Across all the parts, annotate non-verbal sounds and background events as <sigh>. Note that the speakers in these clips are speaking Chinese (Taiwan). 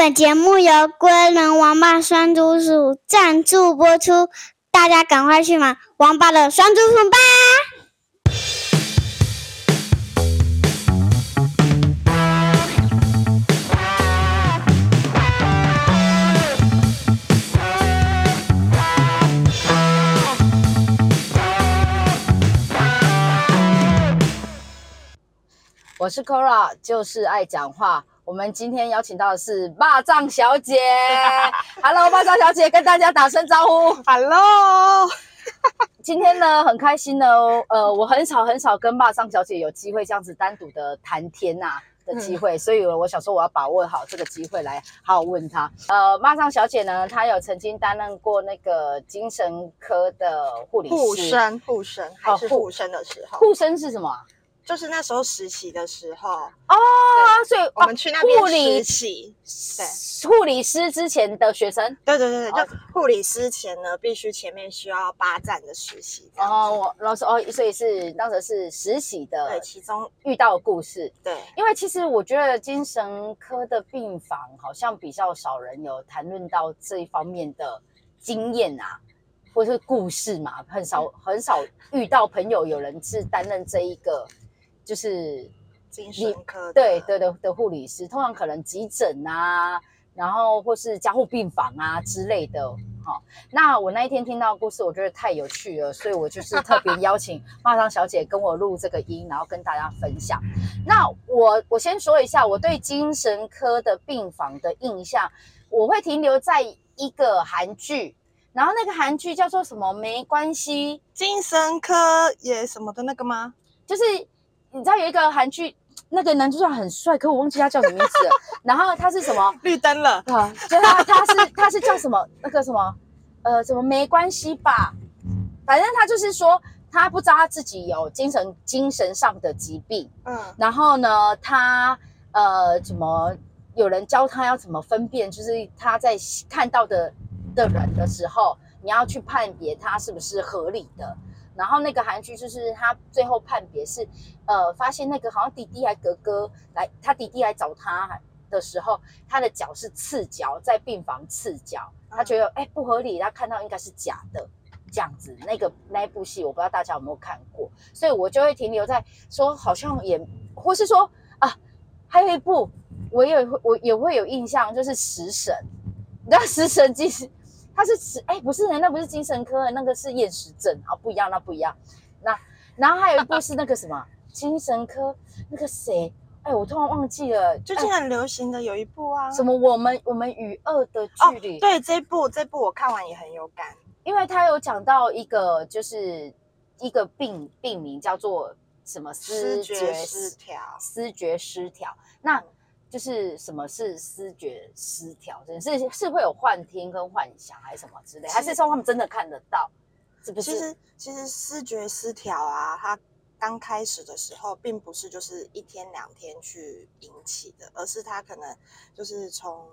本節目由“龜人王八酸豬鼠贊助播出，大家趕快去買王八的酸豬鼠吧！我是 Cora，就是愛講話。我們今天邀請到的是肉粽小姐 <laughs> ，Hello，肉粽小姐，跟大家打聲招呼，Hello。 <laughs> 今天呢很開心呢哦，呃，我很少很少跟肉粽小姐有機會這樣子單獨的談天吶、啊、的機會，嗯、所以我想說我要把握好這個機會來好好問她。呃，肉粽小姐呢，她有曾經擔任過那個精神科的護理師護生，護生還是護生的時候，哦、護生是什麼？就是那時候實習的時候哦，對所以我們去那邊、啊、實習，護理師之前的學生，對對對對，好就護理師前呢，必須前面需要八站的實習。哦，我老師哦，所以是當時是實習的，對，其中遇到的故事，對，因為其實我覺得精神科的病房好像比較少人有談論到這一方面的經驗啊，或是故事嘛，很少很少遇到朋友有人是擔任這一個。就是精神科對對的的護理師，通常可能急診啊，然後或是加護病房啊之類的。哦，那我那一天聽到的故事，我覺得太有趣了，所以我就是特別邀請肉粽小姐跟我錄這個音， <laughs> 然後跟大家分享。那我我先說一下我對精神科的病房的印象，我會停留在一個韓劇，然後那個韓劇叫做什麼？沒關係，精神科也什麼的那個嗎？就是。你知道有一個韓劇，那個男主角很帥，可我忘記他叫什麼名字了。 <laughs> 然後他是什麼？綠燈了。啊、 <laughs> 呃，就他，他是他是叫什麼？那個什麼？呃，怎麼沒關係吧？反正他就是說，他不知道他自己有精神精神上的疾病。嗯。然後呢，他呃，怎麼有人教他要怎麼分辨？就是他在看到的的人的時候，你要去判別他是不是合理的。然後那個韓劇就是他最後判別是，呃，發現那個好像弟弟還哥哥來，他弟弟來找他的時候，他的腳是赤腳，在病房赤腳，他覺得哎、欸、不合理，他看到應該是假的這樣子。那個那一部戲我不知道大家有沒有看過，所以我就會停留在說好像也，或是說啊，還有一部我也會我也會有印象，就是食神，你知道食神其實。他是吃哎，欸、不是那，欸，那不是精神科，那個是厭食症啊，不一樣，那不一樣。那然後還有一部是那個什麼 <laughs> 精神科，那個誰哎，欸、我突然忘記了。最近很流行的有一部啊，欸、什麼我們我們與惡的距離，哦。對，這一部這部我看完也很有感，因為他有講到一個就是一個病病名叫做什麼思覺思思覺失調，思覺失調。那就是什麼是思覺失調，是是會有幻聽跟幻想，還是什麼之類，還是說他們真的看得到？是，是不是？其實其實思覺失調啊，它剛開始的時候，並不是就是一天兩天去引起的，而是它可能就是從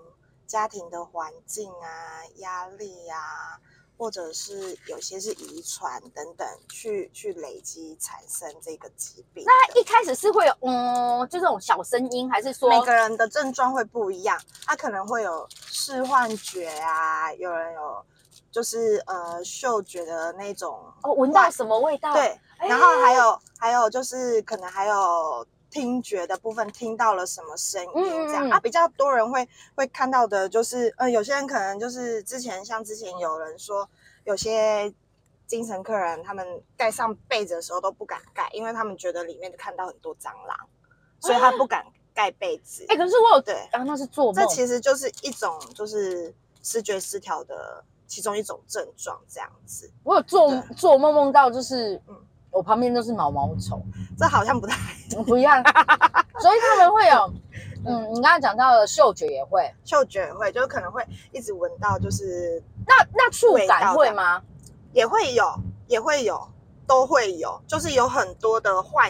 家庭的環境啊、壓力啊。或者是有些是遺傳等等，去去累積產生這個疾病。那他一開始是會有，嗯，就這種小聲音，還是說每個人的症狀會不一樣？他可能會有視幻覺啊，有人有就是呃嗅覺的那種，哦，聞到什麼味道？對，欸、然後還有還有就是可能還有。聽覺的部分聽到了什麼聲音？這樣啊，比較多人會會看到的就是，呃，有些人可能就是之前像之前有人說，有些精神科人他們蓋上被子的時候都不敢蓋，因為他們覺得裡面看到很多蟑螂，所以他不敢蓋被子。哎，可是我有對，然後他是做夢，這其實就是一種就是思覺失調的其中一種症狀，這樣子。我有做對 做夢夢到就是嗯。我旁邊都是毛毛蟲，這好像不太不一樣，所以他們會有，嗯，你剛剛講到的嗅覺也會，嗅覺也會，就可能會一直聞到，就是那那觸感會嗎？也會有，也會有，都會有，就是有很多的幻，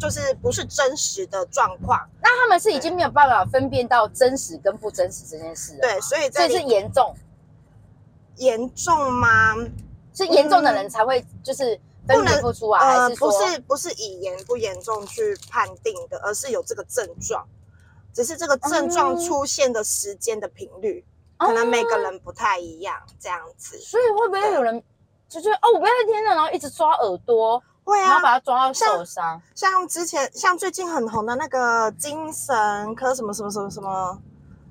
就是不是真實的狀況。那他們是已經沒有辦法分辨到真實跟不真實這件事。對，所以這是嚴重，嚴重嗎？是嚴重的人才會，就是。不能呃、不是不是以嚴不嚴重去判定的，而是有這個症狀，只是這個症狀出現的時間的頻率，嗯、可能每個人不太一樣、嗯、這樣子。所以會不會有人對就是哦，我不要再聽了然後一直抓耳朵？會啊。然後把它抓到受傷。像之前，像最近很紅的那個精神科什麼什麼什麼什麼。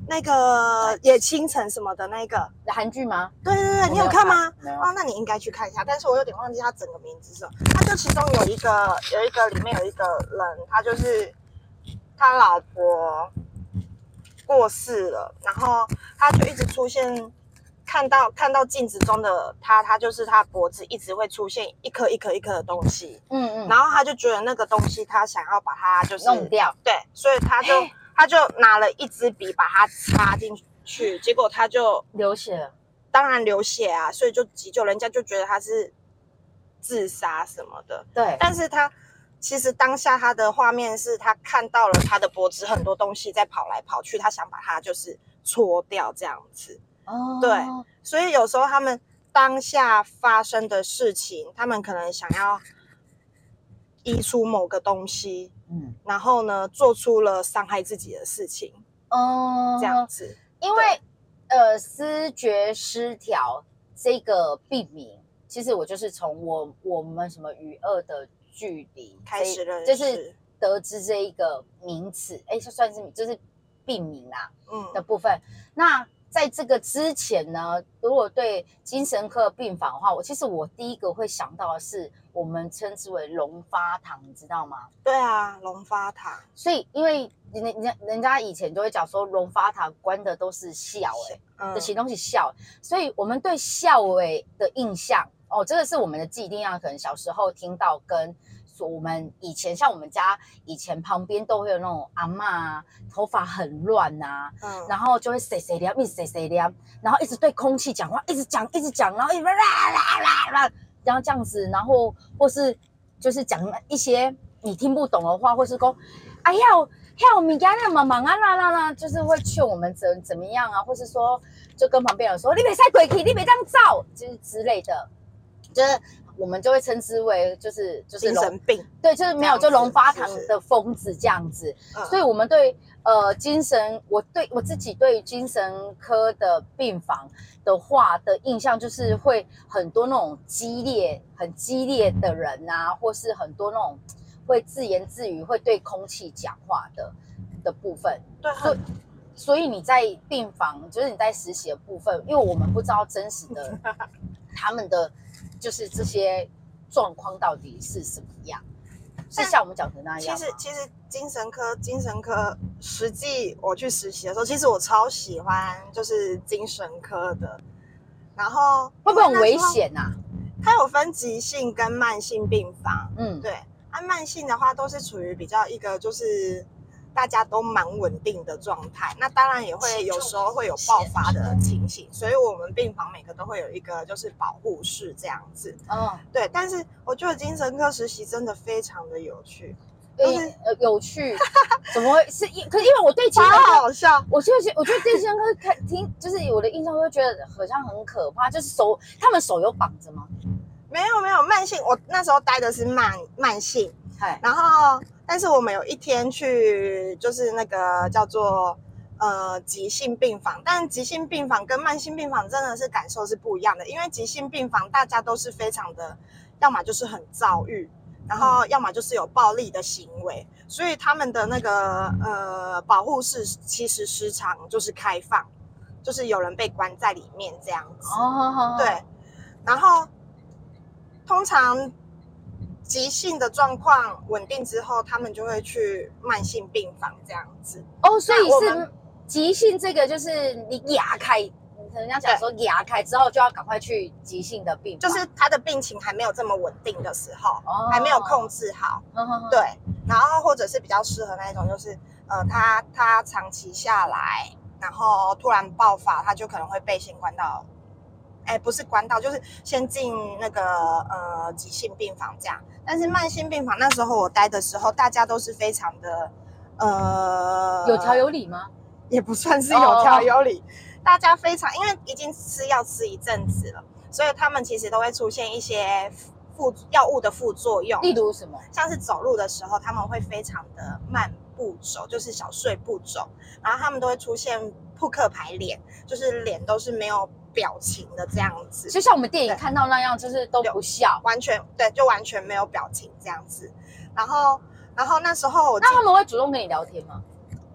那個夜青城什麼的那個韓劇嗎？對對對，有，你有看嗎？有哦，那你應該去看一下。但是我有點忘記他整個名字了。他就其中有一個，有一個裡面有一個人，他就是他老婆過世了，然後他就一直出現，看到看到鏡子中的他，他就是他脖子一直會出現一顆一顆一顆的東西。嗯嗯。嗯，然後他就覺得那個東西，他想要把它就是弄掉。對，所以他就。他就拿了一支筆，把它插進去，結果他就流血了，當然流血啊，所以就急救。人家就覺得他是自殺什麼的，對。但是他其實當下他的畫面是他看到了他的脖子很多東西在跑來跑去，他想把它就是戳掉這樣子。哦，對。所以有時候他們當下發生的事情，他們可能想要移出某個東西。然後呢，做出了傷害自己的事情，哦、嗯，這樣子，因為對呃，思覺失調這個病名，其實我就是從我我們什麼與惡的距離開始了，就是得知這一個名詞，哎，就算是就是病名啊，嗯的部分，那。在這個之前呢，如果對精神科病房的話，我其實我第一個會想到的是，我們稱之為龍發堂，你知道嗎？對啊，龍發堂。所以，因為人家人家以前都會講說，龍發堂關的都是笑哎，這些東西笑。所以我們對笑哎的印象哦，這個是我們的既定要可能小時候聽到跟。說我們以前，像我們家以前旁邊都會有那種阿嬤、啊，頭髮很亂吶、啊，嗯，然後就會誰誰呀，咪誰誰呀，然後一直對空氣講話，一直講一直講，然後一直啦，啦啦啦啦，然後這樣子，然後或是就是講一些你聽不懂的話，或是說，哎、啊、呀，哎呀，我們家那麼忙啊啦啦啦，就是會勸我們怎怎麼樣啊，或是說就跟旁邊人說你別曬鬼氣，你別這樣照，就是之類的，就是。我們就會稱之為就是就是龍精神病，對，就是沒有這就龍發堂的瘋子這樣子。是是嗯、所以，我們對呃精神，我對我自己對於精神科的病房的話的印象，就是會很多那種激烈、很激烈的人吶、啊，或是很多那種會自言自語、會對空氣講話的的部分。對、啊所以，所以你在病房，就是你在實習的部分，因為我們不知道真實的他們的。 <laughs> 就是這些狀況到底是什麼樣？是像我們講的那樣？其實，其實精神科，精神科實際我去實習的時候，其實我超喜歡就是精神科的。然後會不會很危險啊？它有分急性跟慢性病房。嗯，對，它、啊、慢性的話，都是處於比較一個就是。大家都蠻穩定的狀態，那當然也會有時候會有爆發的情形，的所以我們病房每個都會有一個就是保護室這樣子。哦，對，但是我覺得精神科實習真的非常的有趣，欸、呃，有趣， <laughs> 怎麼會是？可是因為我對精神科好笑，我就覺得我覺得精神科看 <laughs> 聽就是我的印象會覺得好像很可怕，就是手他們手有綁着嗎？沒有沒有，慢性，我那時候待的是慢，慢性，對然後。但是我們有一天去，就是那個叫做呃急性病房，但急性病房跟慢性病房真的是感受是不一樣的，因為急性病房大家都是非常的，要麼就是很躁鬱，然後要麼就是有暴力的行為，嗯、所以他們的那個呃保護室其實時常就是開放，就是有人被關在裡面這樣子。哦。好好。對。然後通常。急性的狀況穩定之後，他們就會去慢性病房這樣子。哦，所以是急性這個，就是你牙開，人家講說牙開之後就要趕快去急性的病房，就是他的病情還沒有這麼穩定的時候，哦、還沒有控制好。嗯哼、哦，哦、對。然後或者是比較適合那一種，就是呃，他他長期下來，然後突然爆發，他就可能會被先關到，哎、欸，不是關到，就是先進那個呃急性病房這樣。但是慢性病房那時候我待的時候，大家都是非常的，呃，有條有理嗎？也不算是有條有理，oh. 大家非常因為已經吃藥吃一陣子了，所以他們其實都會出現一些副藥物的副作用。例如什麼？像是走路的時候他們會非常的慢步走，就是小碎步走，然後他們都會出現撲克牌臉，就是臉都是沒有。表情的這樣子，就像我們電影看到那樣，就是都不笑，完全對，就完全沒有表情這樣子。然後，然後那時候，那他們會主動跟你聊天嗎？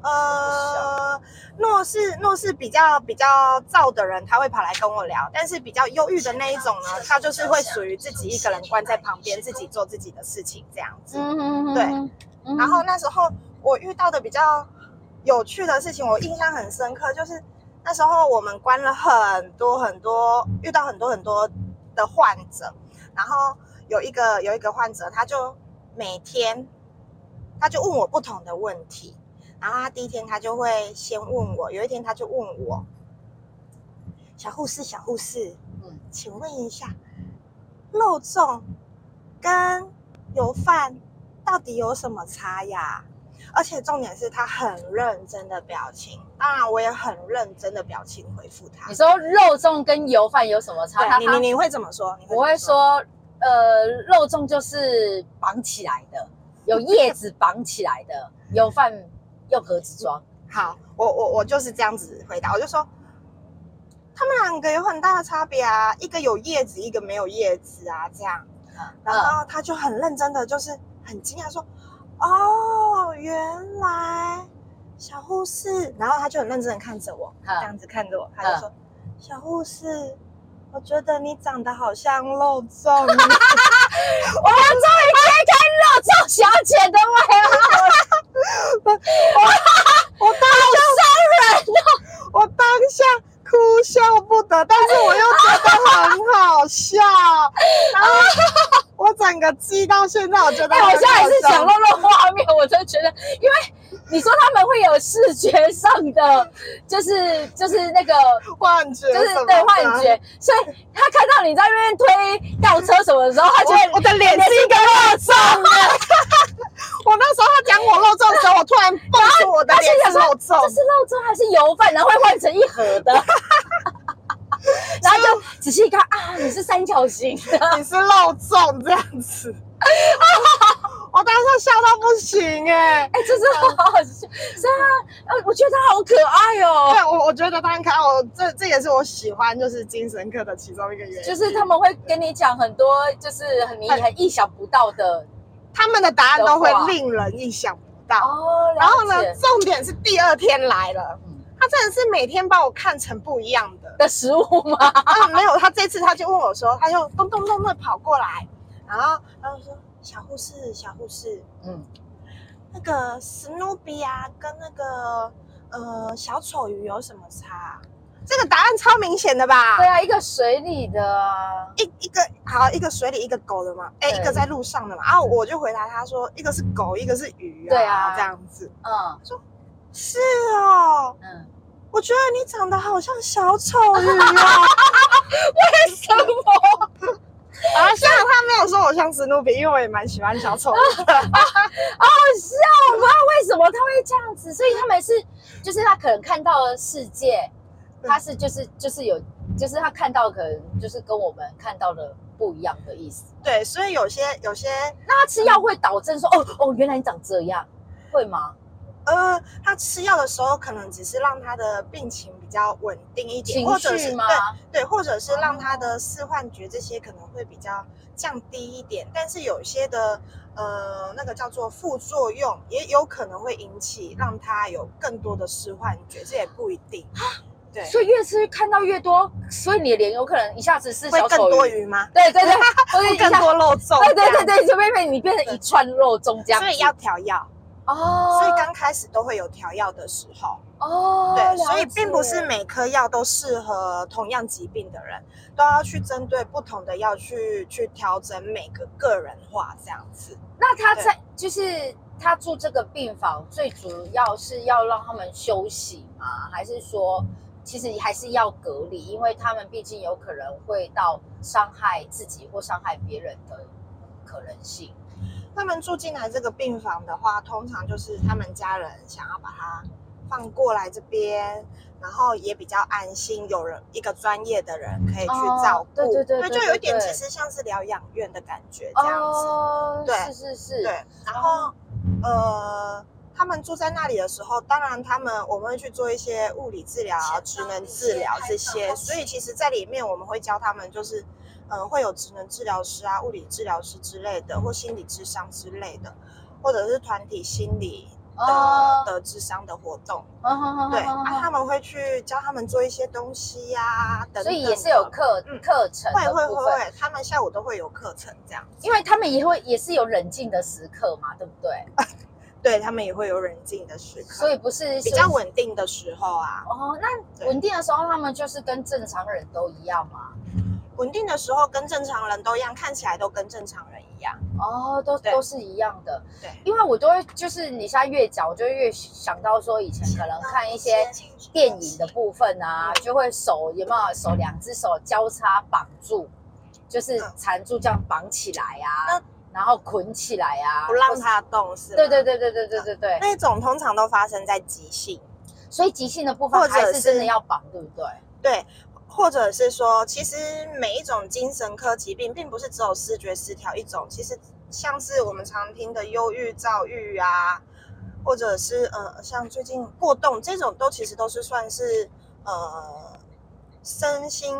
呃，若是若是比較比較躁的人，他會跑來跟我聊；但是比較憂鬱的那一種呢，他就是會屬於自己一個人關在旁邊，自己做自己的事情這樣子。嗯嗯嗯。對。然後那時候我遇到的比較有趣的事情，我印象很深刻，就是。那時候我們關了很多很多，遇到很多很多的患者，然後有一個有一個患者，他就每天他就問我不同的問題，然後他第一天他就會先問我，有一天他就問我小護士小護士，護士嗯，請問一下肉粽跟油飯到底有什麼差呀？而且重點是他很認真的表情。當然，我也很認真的表情回復他。你說肉粽跟油飯有什麼差別？啊、那他你你，你會怎麼說？你會怎麼說？我會說，呃，肉粽就是綁起來的，有葉子綁起來的；油 <laughs> 飯用盒子裝。好，我我我就是這樣子回答，我就說，他們兩個有很大的差別啊，一個有葉子，一個沒有葉子啊，這樣。然後他就很認真的，就是很驚訝說：“哦，原來。”小護士，然後他就很認真的看着我，嗯、這樣子看着我，他就說：“嗯、小護士，我覺得你長得好像肉粽。” <laughs> 我們終於揭開肉粽小姐的尾巴， <laughs> 我當笑人了、哦，我當下哭笑不得，但是我又覺得很好笑， <laughs> 然後我整個記到現在，我覺得好像還也是想漏漏畫面，我真的覺得因為。你說他們會有視覺上的，就是就是那個幻覺，就是對幻覺。啊、所以他看到你在那邊推藥車什麼的時候，他覺得我，我的臉是一個肉粽哈哈，的 <laughs> 我那時候他講我肉粽的時候， <laughs> 我突然蹦出然後我的臉是肉粽，這是肉粽還是油飯？然後會換成一盒的， <laughs> <laughs> 然後就仔細一看啊，你是三角形的， <laughs> 你是肉粽這樣子。 <laughs> 我當時笑到不行哎、欸、哎，真、欸、是好好笑，嗯、是啊，呃，我覺得他好可愛哦、喔。對，我我覺得他很可愛，我這這也是我喜歡就是精神科的其中一個原因。就是他們會跟你講很多，就是很對很意想不到的，他們的答案都會令人意想不到。哦，然後呢，重點是第二天來了，嗯、他真的是每天把我看成不一樣的的食物嗎、 <laughs> 嗯？沒有，他這次他就問我說，他就咚咚咚、咚的跑過來，然後然後我說。小護士，小護士，嗯，那個史努比啊，跟那個呃小丑魚有什麼差？啊？這個答案超明顯的吧？對啊，一個水裡的，一一個好、啊，一個水裡，一個狗的嘛，哎對、欸，一個在路上的嘛，然、啊、後對我就回答他說，一個是狗，一個是魚啊，對啊，這樣子，嗯，他說是哦，嗯，我覺得你長得好像小丑魚啊， <laughs> 為什麼？ <laughs> 啊，雖然他沒有說我像史努比，因為我也蠻喜歡小丑的。啊啊啊啊是啊，我不知道為什麼他會這樣子，所以他每次，就是他可能看到了世界，對他是就是就是有，就是他看到可能就是跟我們看到的不一樣的意思。對，所以有些有些，那他吃藥會導致說，嗯，哦哦，原來你長這樣，會嗎？呃，他吃藥的時候可能只是讓他的病情。比較穩定一點，或者是對對，或者是讓他的視幻覺這些可能會比較降低一點，但是有些的呃，那個叫做副作用，也有可能會引起讓他有更多的視幻覺，這也不一定。對，所以越是看到越多，所以你的臉有可能一下子是會更多魚嗎？對對對，會 <laughs> 更多肉粽。對對對對，就被你變成一串肉粽這樣。所以要調藥。哦，oh, 所以剛開始都會有調藥的時候哦，oh, 對，了解。所以並不是每顆藥都適合同樣疾病的人，都要去針對不同的藥去去調整每個個人化這樣子。那他在對。就是他住這個病房，最主要是要讓他們休息嗎？還是說其實還是要隔離，因為他們畢竟有可能會到傷害自己或傷害別人的可能性。他們住進來這個病房的話，通常就是他們家人想要把他放過來這邊，然後也比較安心，有人一個專業的人可以去照顧。哦、對，對，對，對，對，對對對，就有一點其實像是療養院的感覺這樣子。哦，對是是是。對，然後、哦、呃，他們住在那裡的時候，當然他們我們會去做一些物理治療啊、職能治療這些，所以其實在裡面我們會教他們就是。嗯，會有職能治療師啊、物理治療師之類的，或心理諮商之類的，或者是團體心理的的諮商的活動。對，他們會去教他們做一些東西呀，等等。所以也是有課課程。會會會會，他們下午都會有課程這樣。因為他們也會也是有冷靜的時刻嘛，對不對？對他們也會有冷靜的時刻，所以不是比較穩定的時候啊。哦，那穩定的時候他們就是跟正常人都一樣嘛。穩定的時候跟正常人都一樣，看起來都跟正常人一樣哦，都都是一樣的。對，因為我都會就是你現在越講，我就越想到說以前可能看一些電影的部分啊，就會手有沒有手兩隻手交叉綁住，就是纏住這樣綁起來呀，然後捆起來呀，不讓它動是嗎？對對對對對對對對，那種通常都發生在急性，所以急性的部分還是真的要綁，對不對？對。或者是說，其實每一種精神科疾病，並不是只有思覺失調一種。其實，像是我們常聽的憂鬱、躁鬱啊，或者是呃，像最近過動這種，都其實都是算是呃身心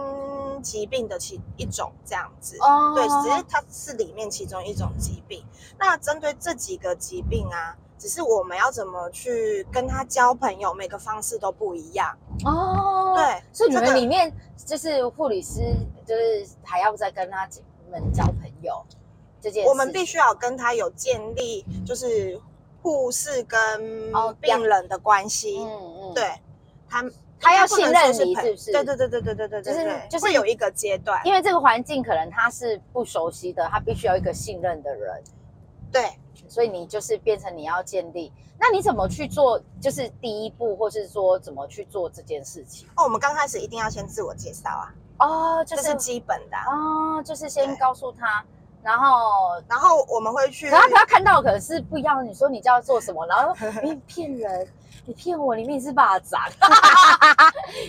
疾病的其一種這樣子。Oh. 對，只是它是裡面其中一種疾病。那針對這幾個疾病啊。只是我們要怎麼去跟他交朋友，每個方式都不一樣哦。對，所以這個裡面就是護理師，就是還要再跟他們交朋友。這件事我們必須要跟他有建立，就是護士跟病人的關係，哦。嗯嗯，對他，他要信任你，是不是？對對對對對，對對對對對對對對，就是就是有一個階段，因為這個環境可能他是不熟悉的，他必須要一個信任的人。對。所以你就是變成你要建立，那你怎麼去做？就是第一步，或是說怎麼去做這件事情？哦，我們剛開始一定要先自我介紹啊！哦，這、就是、是基本的啊，哦、就是先告訴他，對然後，然後我們會去。可他看到，可能是不一樣。你說你叫做什麼？然後你騙人， <laughs> 你騙我，你們也是巴掌。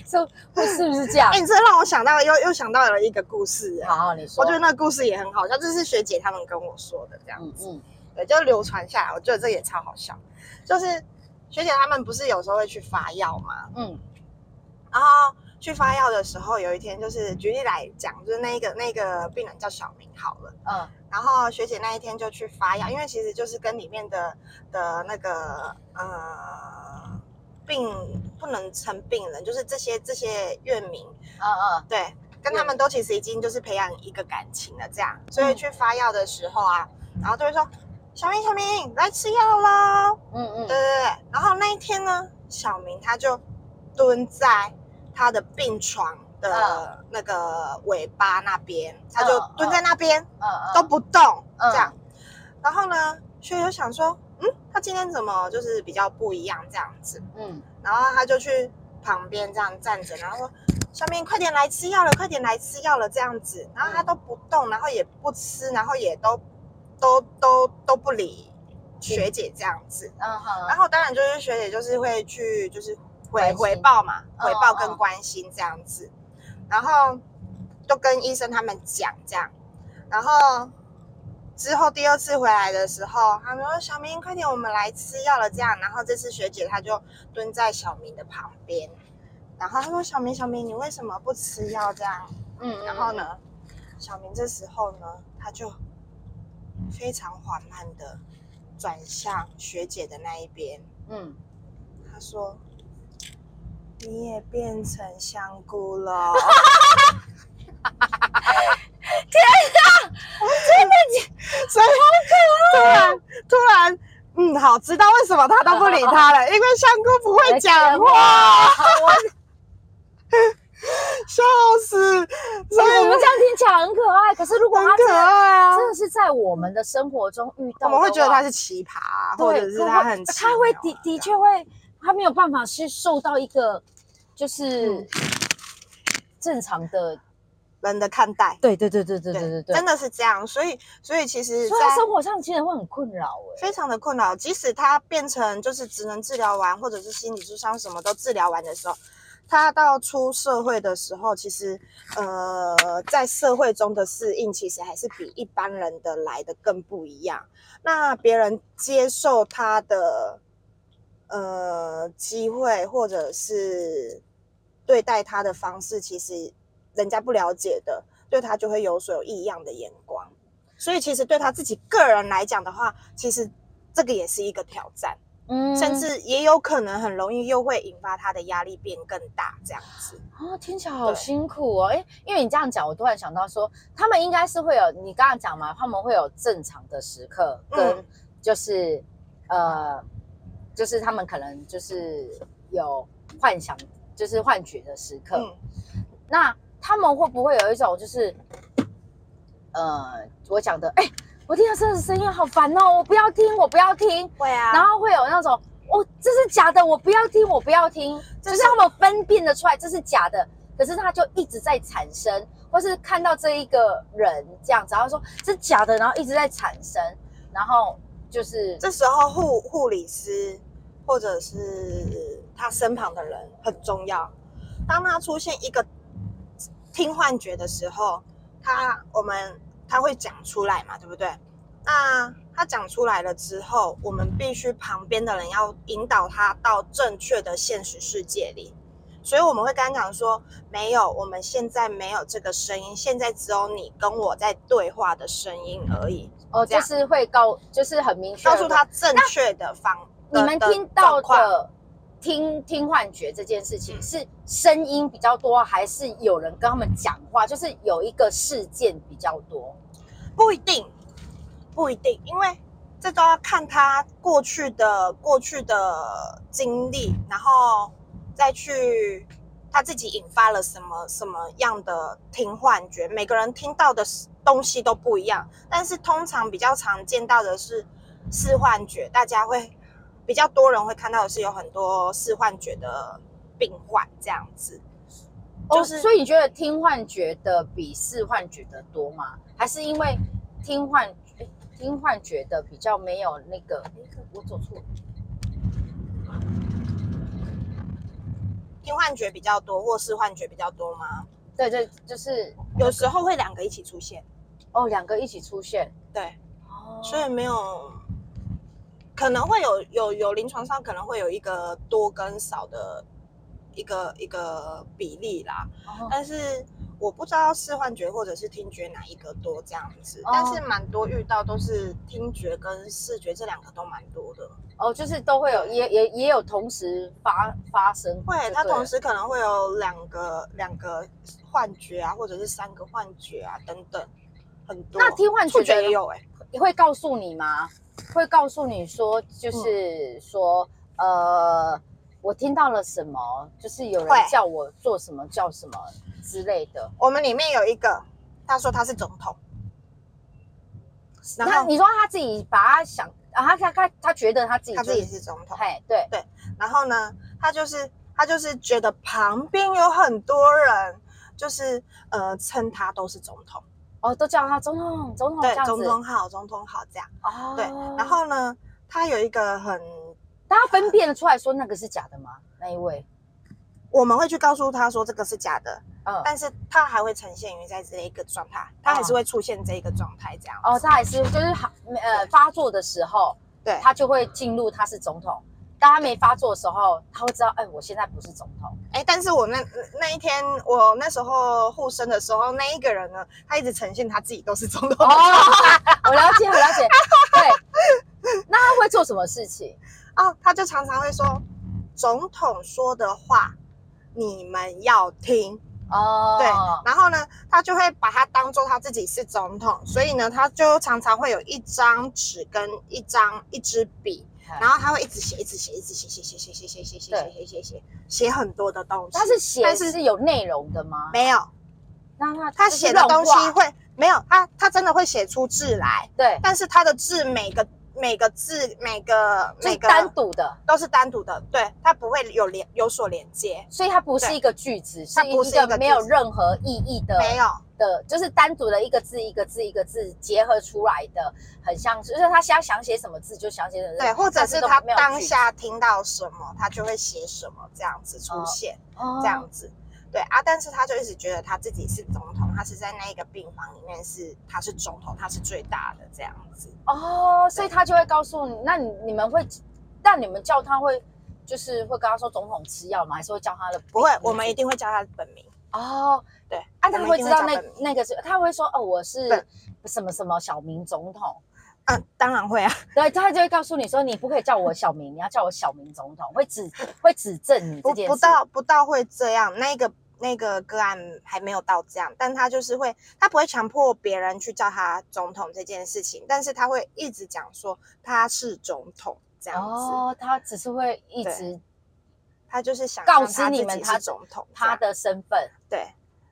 說 <laughs> <laughs> 是不是這樣？哎、欸，你這讓我想到了又又想到了一個故事、啊。好，好，你說。我覺得那個故事也很好笑，像、就、這是學姐他們跟我說的這樣子。嗯。嗯也就流傳下來，我覺得這也超好笑。就是學姐她們不是有時候會去發藥嗎？嗯，然後去發藥的時候，有一天就是舉例來講，就是那個那個病人叫小明好了。嗯，然後學姐那一天就去發藥，因為其實就是跟裡面的的那個呃病不能稱病人，就是這些這些院民，嗯嗯，嗯對，跟他們都其實已經就是培養一個感情了，這樣，所以去發藥的時候啊，嗯、然後就會說。小明，小明，小明來吃藥嘍。嗯嗯，對對對。然後那一天呢，小明他就蹲在他的病床的那個尾巴那邊，他、嗯嗯嗯、就蹲在那邊，嗯嗯嗯嗯嗯都不動，這樣。然後呢，所以我想說，嗯，他今天怎麼就是比較不一樣這樣子？嗯，嗯。嗯、然後他就去旁邊這樣站着，然後說：“小明，快點來吃藥了，快點來吃藥了。”這樣子，然後他都不動，然後也不吃，然後也都。都都都不理學姐這樣子，然後當然就是學姐就是會去就是回、關心、回報嘛，哦、回報跟關心這樣子，然後都跟醫生他們講這樣，然後之後第二次回來的時候，他們說小明快點，我們來吃藥了這樣，然後這次學姐她就蹲在小明的旁邊，然後他說小明小明你為什麼不吃藥這樣，嗯，然後呢，小明這時候呢他就。非常緩慢的轉向學姐的那一邊，嗯，他說：“你也變成香菇了。” <laughs> 天啊，真的假？所以好可愛。突然，突然，嗯，好，知道為什麼他都不理他了？因為香菇不會講話。 <laughs> 笑死！所以我們、欸、我們這樣聽起來很可愛，可愛啊，可是如果他真的是在我們的生活中遇到的，我們會覺得他是奇葩，啊，對或者是他很奇，啊，他……他會的的確會，他沒有辦法去受到一個就是、嗯、正常的人的看待。對對對對對對對，對，真的是這樣。所以所以其實在，在生活上其實會很困擾，欸，非常的困擾。即使他變成就是職能治療完，或者是心理受傷什麼都治療完的時候。他到出社會的時候，其實，呃，在社會中的適應，其實還是比一般人的來的更不一樣。那別人接受他的，呃，機會或者是對待他的方式，其實人家不了解的，對他就會有所異樣的眼光。所以，其實對他自己個人來講的話，其實這個也是一個挑戰。嗯，甚至也有可能很容易又會引發他的壓力變更大，這樣子啊、嗯，聽起來好辛苦哦。哎對，因為你這樣講，我突然想到說，他們應該是會有你剛剛講嘛，他們會有正常的時刻，跟就是、嗯、呃，就是他們可能就是有幻想，就是幻覺的時刻。嗯、那他們會不會有一種就是呃，我講的哎？欸我聽到這個聲音好煩哦！我不要聽，我不要聽。會啊。然後會有那種，哦，這是假的，我不要聽，我不要聽。是就是他們分辨得出來這是假的，可是他就一直在產生，或是看到這一個人這樣子，然後說這是假的，然後一直在產生，然後就是這時候護護理師或者是他身旁的人很重要。當他出現一個聽幻覺的時候，他我們。他會講出來嘛，對不對？那他講出來了之後，我們必須旁邊的人要引導他到正確的現實世界裡。所以我們會剛剛講說，沒有，我們現在沒有這個聲音，現在只有你跟我在對話的聲音而已。這哦，就是會告，就是很明確告訴他正確的方，那的你們聽到的。聽聽幻覺這件事情是聲音比較多,還是有人跟他們講話？就是有一個事件比較多？不一定，不一定，因為這都要看他過去的過去的經歷，然後再去他自己引發了什麼什麼樣的聽幻覺。每個人聽到的東西都不一樣，但是通常比較常見到的是視幻覺，大家會。比較多人會看到的是有很多視幻覺的病患這樣子，就是，哦，所以你覺得聽幻覺的比視幻覺的多嗎？還是因為聽幻，欸，聽幻覺的比較沒有那個？我走錯了，聽幻覺比較多，或視幻覺比較多嗎？對對，就是有時候會兩個一起出現，哦，兩個一起出現，對，哦，所以沒有。哦可能會有有有臨床上可能會有一個多跟少的一個一個比例啦，哦、但是我不知道視幻覺或者是聽覺哪一個多這樣子，哦、但是蠻多遇到都是聽覺跟視覺這兩個都蠻多的哦，就是都會有，也也也有同時發發生，會，對它同時可能會有兩個兩個幻覺啊，或者是三個幻覺啊等等，很多，那聽幻覺也有哎、欸。會告訴你嗎？會告訴你說，就是說，嗯、呃，我聽到了什麼，就是有人叫我做什麼對叫什麼之類的。我們裡面有一個，他說他是總統。然後他你說他自己把他想，啊、他他他覺得他自己他自己他是，是總統。對對。然後呢，他就是他就是覺得旁邊有很多人，就是呃，稱他都是總統。哦，都叫他，啊、總統，總統，對，總統好，總統好，這樣。哦，對，然後呢，他有一個很，大家分辨得出來說那個是假的嗎？那一位，嗯、我們會去告訴他說這個是假的。嗯，但是他還會呈現於在這一個狀態，哦、他還是會出現這一個狀態這樣。哦，他還是就是好，呃，發作的時候，對，他就會進入他是總統。當他沒發作的時候，他會知道，哎、欸，我現在不是總統。哎、欸，但是我那那一天，我那時候護生的時候，那一個人呢，他一直呈現他自己都是總統，哦對對對。我了解，我了解。 <laughs> 對，那他會做什麼事情？哦，他就常常會說，總統說的話你們要聽哦。對，然後呢，他就會把他當做他自己是總統，所以呢，他就常常會有一張紙跟一張一支筆。然後他會一直寫，一直寫，一直寫，寫寫寫寫寫寫寫寫寫寫寫寫寫很多的東西。他是寫，但是是有內容的嗎？沒有。那他它他寫的東西會，沒有，他他真的會寫出字來。對。但是他的字每個。每個字，每個每個所以單獨的都是單獨的，對，它不會有連有所連接，所以它不是一個句子，它不對是一個沒有任何意義的，沒有的，就是單獨的一個字一個字一個字結合出來的，很像是就是他現在想寫什麼字就想寫什麼字，對，或者是他當下聽到什麼他就會寫什麼這樣子出現。哦哦、這樣子。對啊，但是他就一直覺得他自己是總統，他是在那一個病房裡面是，是他是總統，他是最大的這樣子哦，所以他就會告訴你，對那你你們會，但你們叫他會，就是會跟他說總統吃藥嗎？還是會叫他的？不會，我們一定會叫他本名哦。對，哦、啊，他會知道那那個是，他會說哦，我是什麼什麼小明總統。嗯嗯、當然會啊，對他就會告訴你說，你不可以叫我小明， <laughs> 你要叫我小明總統。會指會指正你這件事？不不不不，不到，不到會這樣，那個那個個案還沒有到這樣，但他就是會，他不會強迫別人去叫他總統這件事情，但是他會一直講說他是總統這樣子，哦、他只是會一直，他就是想告訴你們他是總統，他的身份對，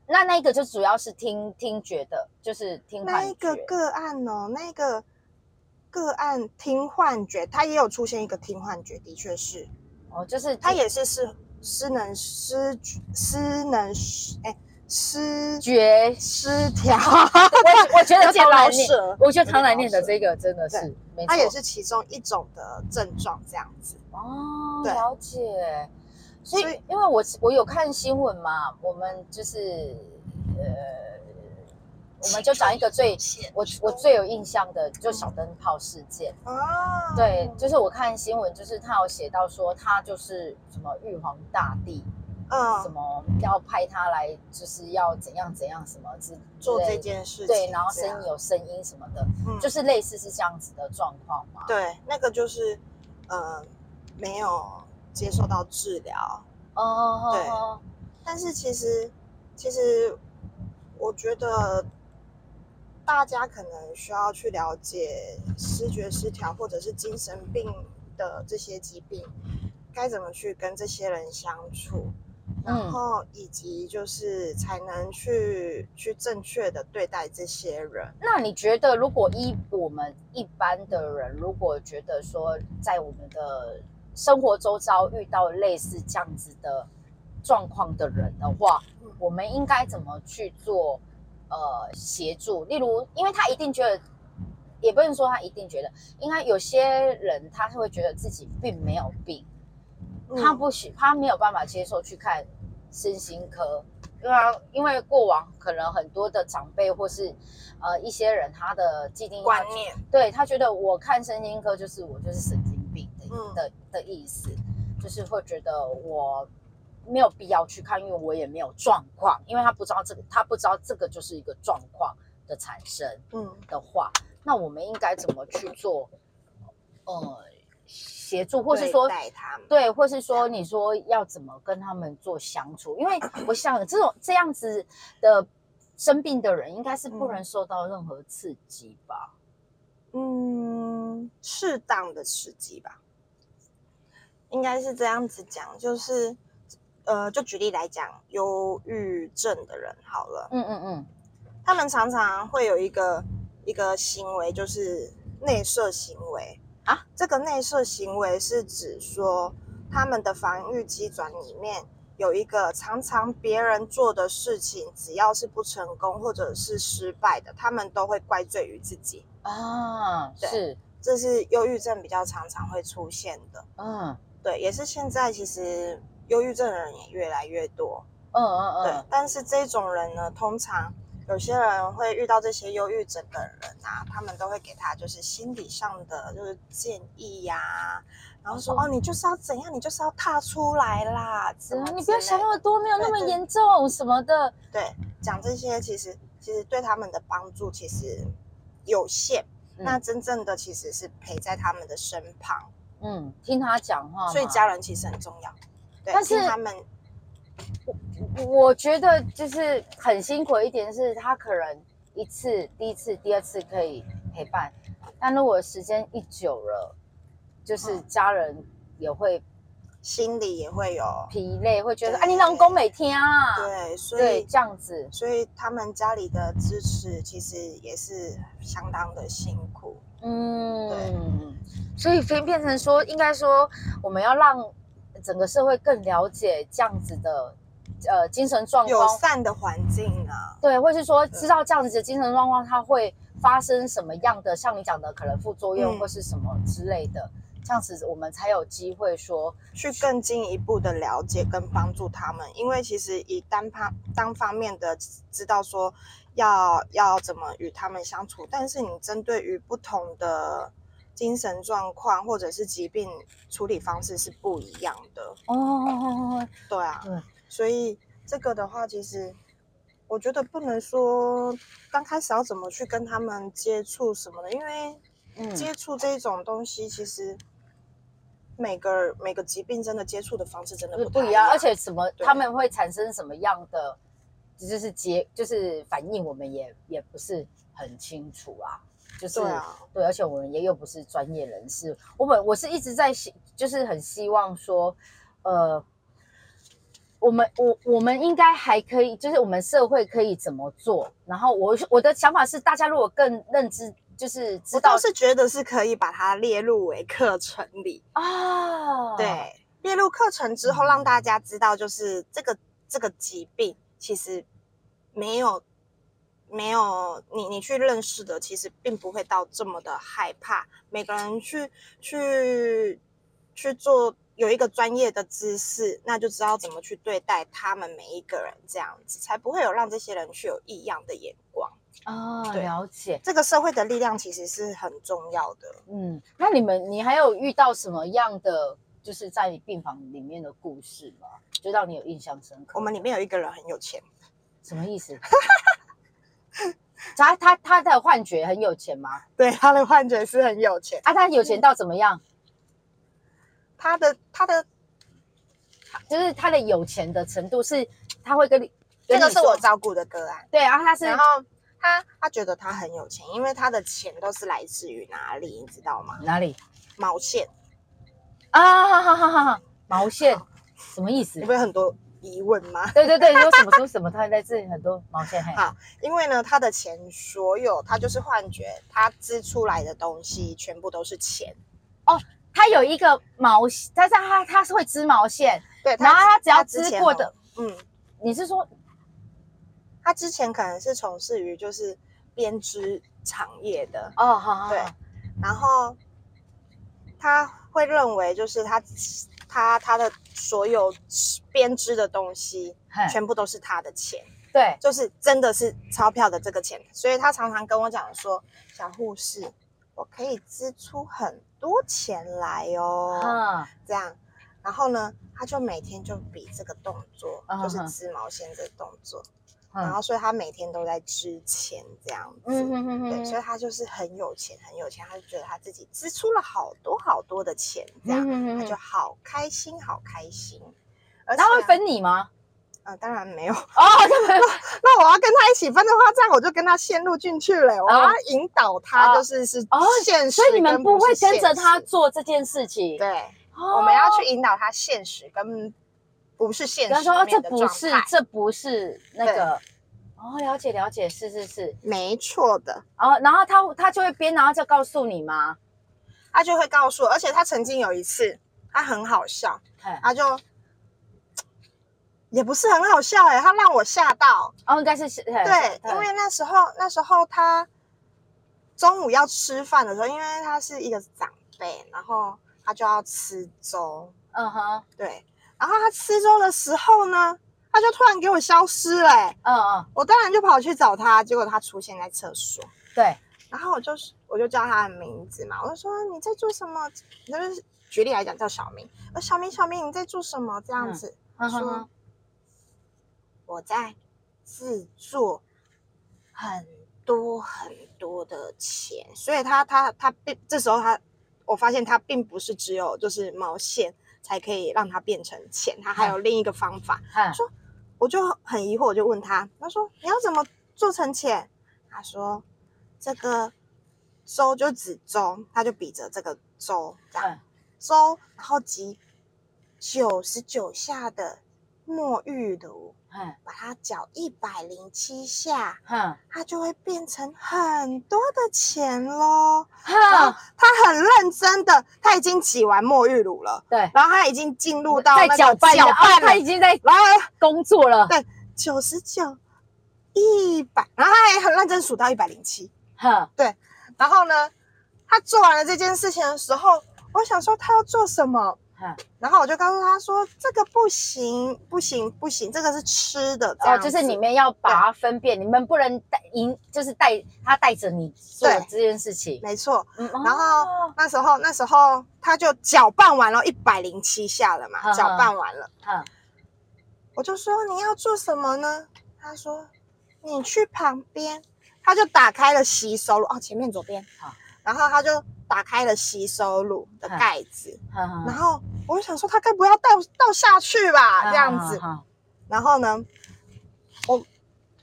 那那個就主要是聽聽覺的，就是聽那一個個案哦，那個。個案聽幻覺，他也有出現一個聽幻覺，的確是，哦，就是他也是失能失，失能失、欸、失能覺失哎失覺失調。我我覺得唐來念，我覺得唐來念的這個真的是，他對錯也是其中一種的症狀這樣子哦，對了解。所以，所以因為我我有看新聞嘛，我們就是呃。我們就講一個最我我最有印象的，就小燈泡事件啊，嗯、對，就是我看新聞，就是他有寫到說他就是什麼玉皇大帝，嗯，什麼要派他來，就是要怎樣怎樣，什麼做這件事情，對，然後聲音有聲音什麼的，嗯、就是類似是這樣子的狀況嗎？對，那個就是嗯、呃、沒有接受到治療哦，嗯、對，嗯、但是其實其實我覺得。大家可能需要去了解思覺失調或者是精神病的這些疾病，該怎麼去跟這些人相處，嗯、然後以及就是才能去去正確的對待這些人。那你覺得，如果以我們一般的人，如果覺得說在我們的生活周遭遇到類似這樣子的狀況的人的話，嗯、我們應該怎麼去做？呃，協助，例如，因為他一定覺得，也不能說他一定覺得，應該有些人他會覺得自己並沒有病，嗯、他不喜，他沒有辦法接受去看身心科，因為、啊、因為過往可能很多的長輩或是呃一些人，他的既定觀念，對，他覺得我看身心科就是我就是神經病的、嗯、的的意思，就是會覺得我。沒有必要去看，因為我也沒有狀況。因為他不知道這個，他不知道這個就是一個狀況的產生。嗯，的話，嗯、那我們應該怎麼去做？呃，協助，或是說帶他們，對，或是說你說要怎麼跟他們做相處？對因為我想，這種這樣子的生病的人，應該是不能受到任何刺激吧？嗯，嗯、適當的刺激吧，應該是這樣子講，就是。呃，就舉例來講，憂鬱症的人好了，嗯嗯嗯，嗯嗯他們常常會有一個一個行為，就是內射行為啊。這個內射行為是指說，他們的防禦機轉裡面有一個，常常別人做的事情，只要是不成功或者是失敗的，他們都會怪罪於自己啊。是對，這是憂鬱症比較常常會出現的。嗯，對，也是現在其實。憂鬱症的人也越來越多嗯，嗯嗯嗯，對。但是這種人呢，通常有些人會遇到這些憂鬱症的人啊，他們都會給他就是心理上的就是建議呀、啊，然後說哦，哦，你就是要怎樣，你就是要踏出來啦，怎、呃、麼你不要想那麼多，沒有那麼嚴重對對對，什麼的。對，講這些其實其實對他們的幫助其實有限。嗯、那真正的其實是陪在他們的身旁，嗯，聽他講話，所以家人其實很重要。對但是他們，我我覺得就是很辛苦一點是，他可能一次、第一次、第二次可以陪伴，但如果時間一久了，就是家人也會、嗯、心裡也會有疲累，會覺得哎，對啊、你老公每天啊，對，所以這樣子，所以他們家裡的支持其實也是相當的辛苦，嗯，對。所以變變成說，應該說我們要讓。整個社會更了解這樣子的，呃，精神狀況友善的環境啊，對，或是說知道這樣子的精神狀況，嗯、它會發生什麼樣的，像你講的可能副作用或是什麼之類的，嗯、這樣子我們才有機會說去更進一步的了解跟幫助他們，因為其實以單方單方面的知道說要要怎麼與他們相處，但是你針對於不同的。精神狀況或者是疾病處理方式是不一樣的哦，對啊，所以這個的話，其實我覺得不能說剛開始要怎麼去跟他們接觸什麼的，因為接觸這種東西，其實每個每個疾病真的接觸的方式真的不一樣，嗯、而且什麼他們會產生什麼樣的就是接就是反應，我們也也不是很清楚啊。就是對，啊、對，而且我們也又不是專業人士，我本我是一直在希，就是很希望說，呃，我們我我們應該還可以，就是我們社會可以怎麼做？然後我我的想法是，大家如果更認知，就是知道，我倒是覺得是可以把它列入為課程裡哦。啊、對，列入課程之後，讓大家知道，就是這個這個疾病其實沒有。沒有你，你去認識的，其實並不會到這麼的害怕。每個人去去去做，有一個專業的知識，那就知道怎麼去對待他們每一個人，這樣子才不會有讓這些人去有異樣的眼光。哦，對了解，這個社會的力量其實是很重要的。嗯，那你們，你還有遇到什麼樣的，就是在你病房裡面的故事嗎？就讓你有印象深刻。我們裡面有一個人很有錢，什麼意思？ <laughs> 他他他的幻覺很有錢嗎？對，他的幻覺是很有錢。啊，他有錢到怎麼樣？他的他的，的就是他的有錢的程度是，他會跟你，跟你這個是我照顧的哥啊。對啊，然後他是，然後他他她覺得他很有錢，因為他的錢都是來自於哪裡，你知道嗎？哪裡？毛線啊！哈哈哈！毛線、啊、什麼意思？因為很多。疑問嗎？對對對，說什麼說什麼，他在這裡很多毛線。好，因為呢，他的錢所有，他就是幻覺，他織出來的東西全部都是錢。哦，他有一個毛，但是他他是會織毛線，對。然後他只要織過的，嗯，你是說他之前可能是從事於就是編織產業的哦，好，好，對。然後他會認為就是他。他他的所有編織的東西，嘿全部都是他的錢。對，就是真的是鈔票的這個錢。所以他常常跟我講說：“小護士，我可以織出很多錢來哦。啊”這樣，然後呢，他就每天就比這個動作，啊、哈就是織毛線這個動作。然後，所以他每天都在支錢這樣子，嗯、哼哼哼對，所以他就是很有錢，很有錢，他就覺得他自己支出了好多好多的錢，這樣，嗯、哼哼哼他就好開心，好開心。他、啊、會分你嗎、嗯？當然沒有。哦 <laughs> 那，那我要跟他一起分的話，這樣我就跟他陷入進去了、欸。哦、我要引導他，就是、哦、是現實，是現實、哦。所以你們不會跟着他做這件事情，對，哦、我們要去引導他現實跟不是現實的，他說、哦、這不是，這不是那個對哦，了解了解，是是是，是沒錯的。哦，然後他他就會編，然後再告訴你嗎？他就會告訴我，而且他曾經有一次，他很好笑，嘿他就也不是很好笑哎、欸，他讓我嚇到哦，應該是是，對，嘿因為那時候那時候他中午要吃飯的時候，因為他是一個長輩，然後他就要吃粥，嗯哼，對。然後他吃粥的時候呢，他就突然給我消失了。嗯嗯、uh，uh. 我當然就跑去找他，結果他出現在廁所。對，然後我就是我就叫他的名字嘛，我就說，你在做什麼？就是舉例來講，叫小明，小明小明你在做什麼？這樣子，他、嗯、說，我在製作很多很多的錢，所以他他他並這時候他，我發現他並不是只有就是毛線。才可以讓它變成錢。他還有另一個方法，嗯嗯、說，我就很疑惑，我就問他，他說，你要怎麼做成錢？他說這個周就指周，他就比着這個周，這樣周，然後擊九十九下的。沐浴乳，嗯、把它攪一百零七下，它、嗯、就會變成很多的錢嘍。哈、嗯，他很認真的，他已經擠完沐浴乳了，對，然後他已經進入到攪拌了，拌了哦、他已經在然後工作了，對，九十九一百，然後他還很認真數到一百零七，哈，對，然後呢，他做完了這件事情的時候，我想說他要做什麼？然後我就告訴他說：“這個不行，不行，不行，這個是吃的。”哦，就是你們要把它分辨，對你們不能帶就是帶他帶着你做這件事情。沒錯。嗯、然後、哦、那時候，那時候他就攪拌完了一百零七下了嘛，嗯、攪拌完了。嗯嗯、我就說，你要做什麼呢？他說：“你去旁邊。”他就打開了吸收了前面左邊。好、哦。然後他就。打開了吸收乳的蓋子，呵呵然後我就想說他該不要倒倒下去吧，呵呵這樣子。呵呵然後呢，我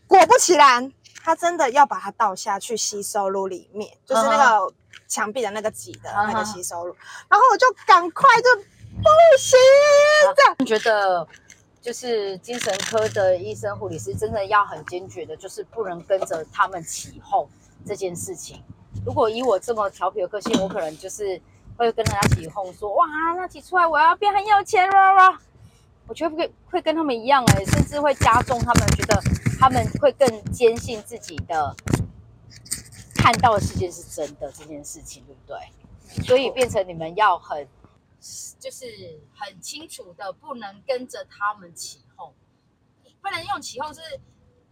果不其然，他真的要把它倒下去吸收乳裡面，呵呵就是那個牆壁的那個擠的那個呵吸收乳。然後我就趕快就呵呵不行，這樣。你覺得就是精神科的醫生、護理師真的要很堅決的，就是不能跟着他們起哄這件事情。如果以我這麼調皮的個性，我可能就是會跟大家起哄說：“哇，那起出來，我要變很有錢了啦！”我覺得不會會跟他們一樣哎、欸，甚至會加重他們覺得他們會更堅信自己的看到的世界是真的這件事情，對不對？沒錯。所以變成你們要很是就是很清楚的，不能跟着他們起哄，不能用起哄是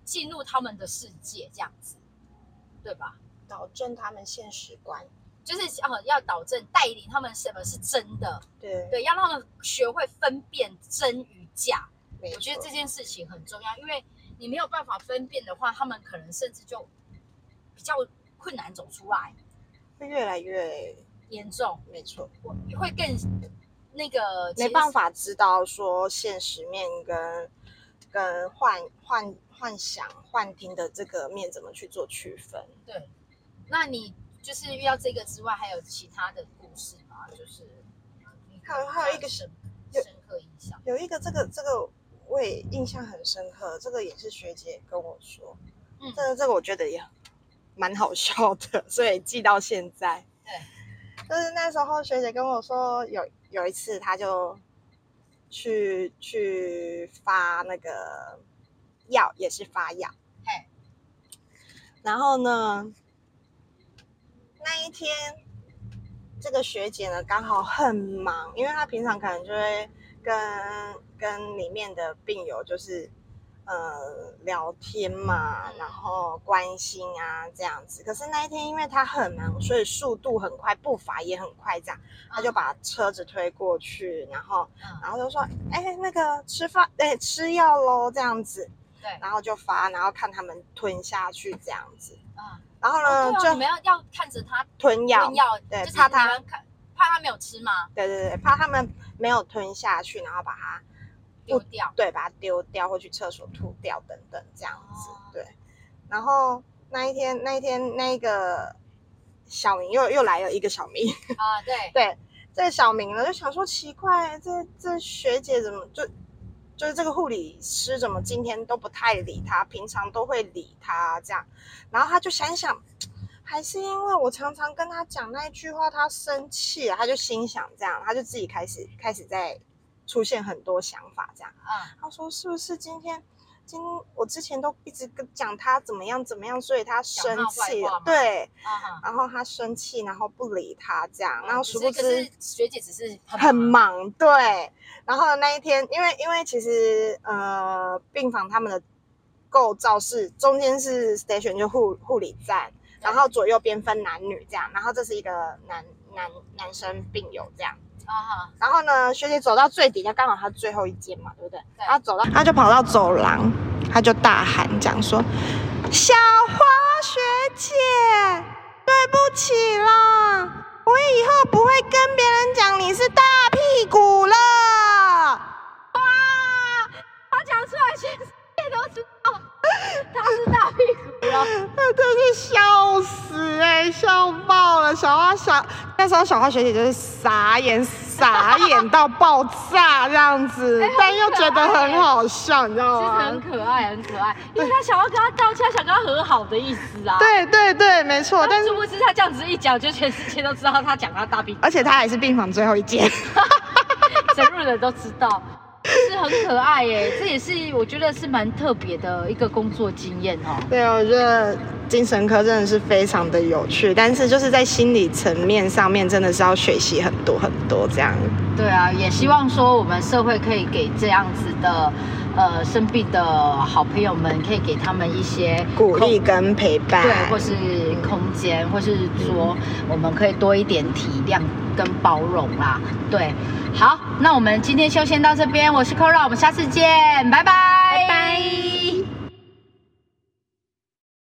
進入他們的世界這樣子，對吧？矯正他們現實觀，就是要要矯正、帶領他們什麼是真的，對對，對要讓他們學會分辨真與假。錯我覺得這件事情很重要，因為你沒有辦法分辨的話，他們可能甚至就比較困難走出來，會越來越嚴重。沒錯錯，會錯會更那個沒辦法知道說現實面跟跟幻幻幻想、幻聽的這個面怎麼去做區分。對。那你就是遇到這個之外，還有其他的故事嗎？就是有有，還有還有一個是深刻印象？有一個這個這個我也印象很深刻，這個也是學姐跟我說。嗯，這個這個我覺得也蠻好笑的，所以記到現在。對，就是那時候學姐跟我說，有有一次她就去去發那個藥，也是發藥。嘿對，然後呢？那一天，這個學姐呢，剛好很忙，因為她平常可能就會跟跟裡面的病友就是，呃，聊天嘛，然後關心啊這樣子。可是那一天因為她很忙，所以速度很快，步伐也很快，這樣，她就把車子推過去，然後，然後就說：“哎、欸，那個吃飯，哎、欸，吃藥嘍，這樣子。”對，然後就發，然後看他們吞下去這樣子。嗯，然後呢，哦啊、就我們要要看着他吞藥，吞藥對，怕他怕他沒有吃嗎？對對對，怕他們沒有吞下去，然後把它丟掉，對，把它丟掉或去廁所吐掉等等這樣子。哦、對，然後那一天那一天那個小明又又來了一個小明啊，對對，這小明呢就想說奇怪，這這學姐怎麼就。就是這個護理師怎麼今天都不太理他，平常都會理他這樣，然後他就想想，還是因為我常常跟他講那句話，他生氣啊，他就心想這樣，他就自己開始開始在出現很多想法這樣，嗯，他說是不是今天？今我之前都一直跟講他怎麼樣怎麼樣，所以他生氣了，講壞話嗎？對，uh huh. 然後他生氣，然後不理他這樣，然後殊不知學姐只是很忙，對。然後那一天，因為因為其實呃病房他們的構造是中間是 station 就護護理站，然後左右邊分男女這樣，然後這是一個男男男生病友這樣。啊哈、哦，然後呢，學姐走到最底下，剛好她最後一間嘛，對不對？對她走到，她就跑到走廊，她就大喊講說：“小花學姐，對不起啦，我以後不會跟別人講你是大屁股了。”哇，她講出來，全世界都知道她是大屁股了。真是笑死哎、欸，笑爆了！小花小那時候小花學姐就是傻眼傻眼到爆炸這樣子， <laughs> 欸、但又覺得很好笑，欸欸、你知道嗎？其實很可愛很可愛，對因為她想要跟他道歉，想跟他和好的意思啊。對對對，沒錯。但殊不知她這樣子一講，就全世界都知道她講她大病，而且她還是病房最後一間，哈哈哈哈哈，所有的都知道。 <laughs> 是很可愛欸，這也是我覺得是蠻特別的一個工作經驗喔。對啊，我覺得精神科真的是非常的有趣，但是就是在心理層面上面真的是要學習很多很多這樣。對啊，也希望說我們社會可以給這樣子的。呃，生病的好朋友們，可以給他們一些鼓勵跟陪伴，對，或是空間，或是說，我們可以多一點體諒跟包容啦，對。好，那我們今天就先到這邊，我是 Cora，我們下次見，拜拜。Bye bye。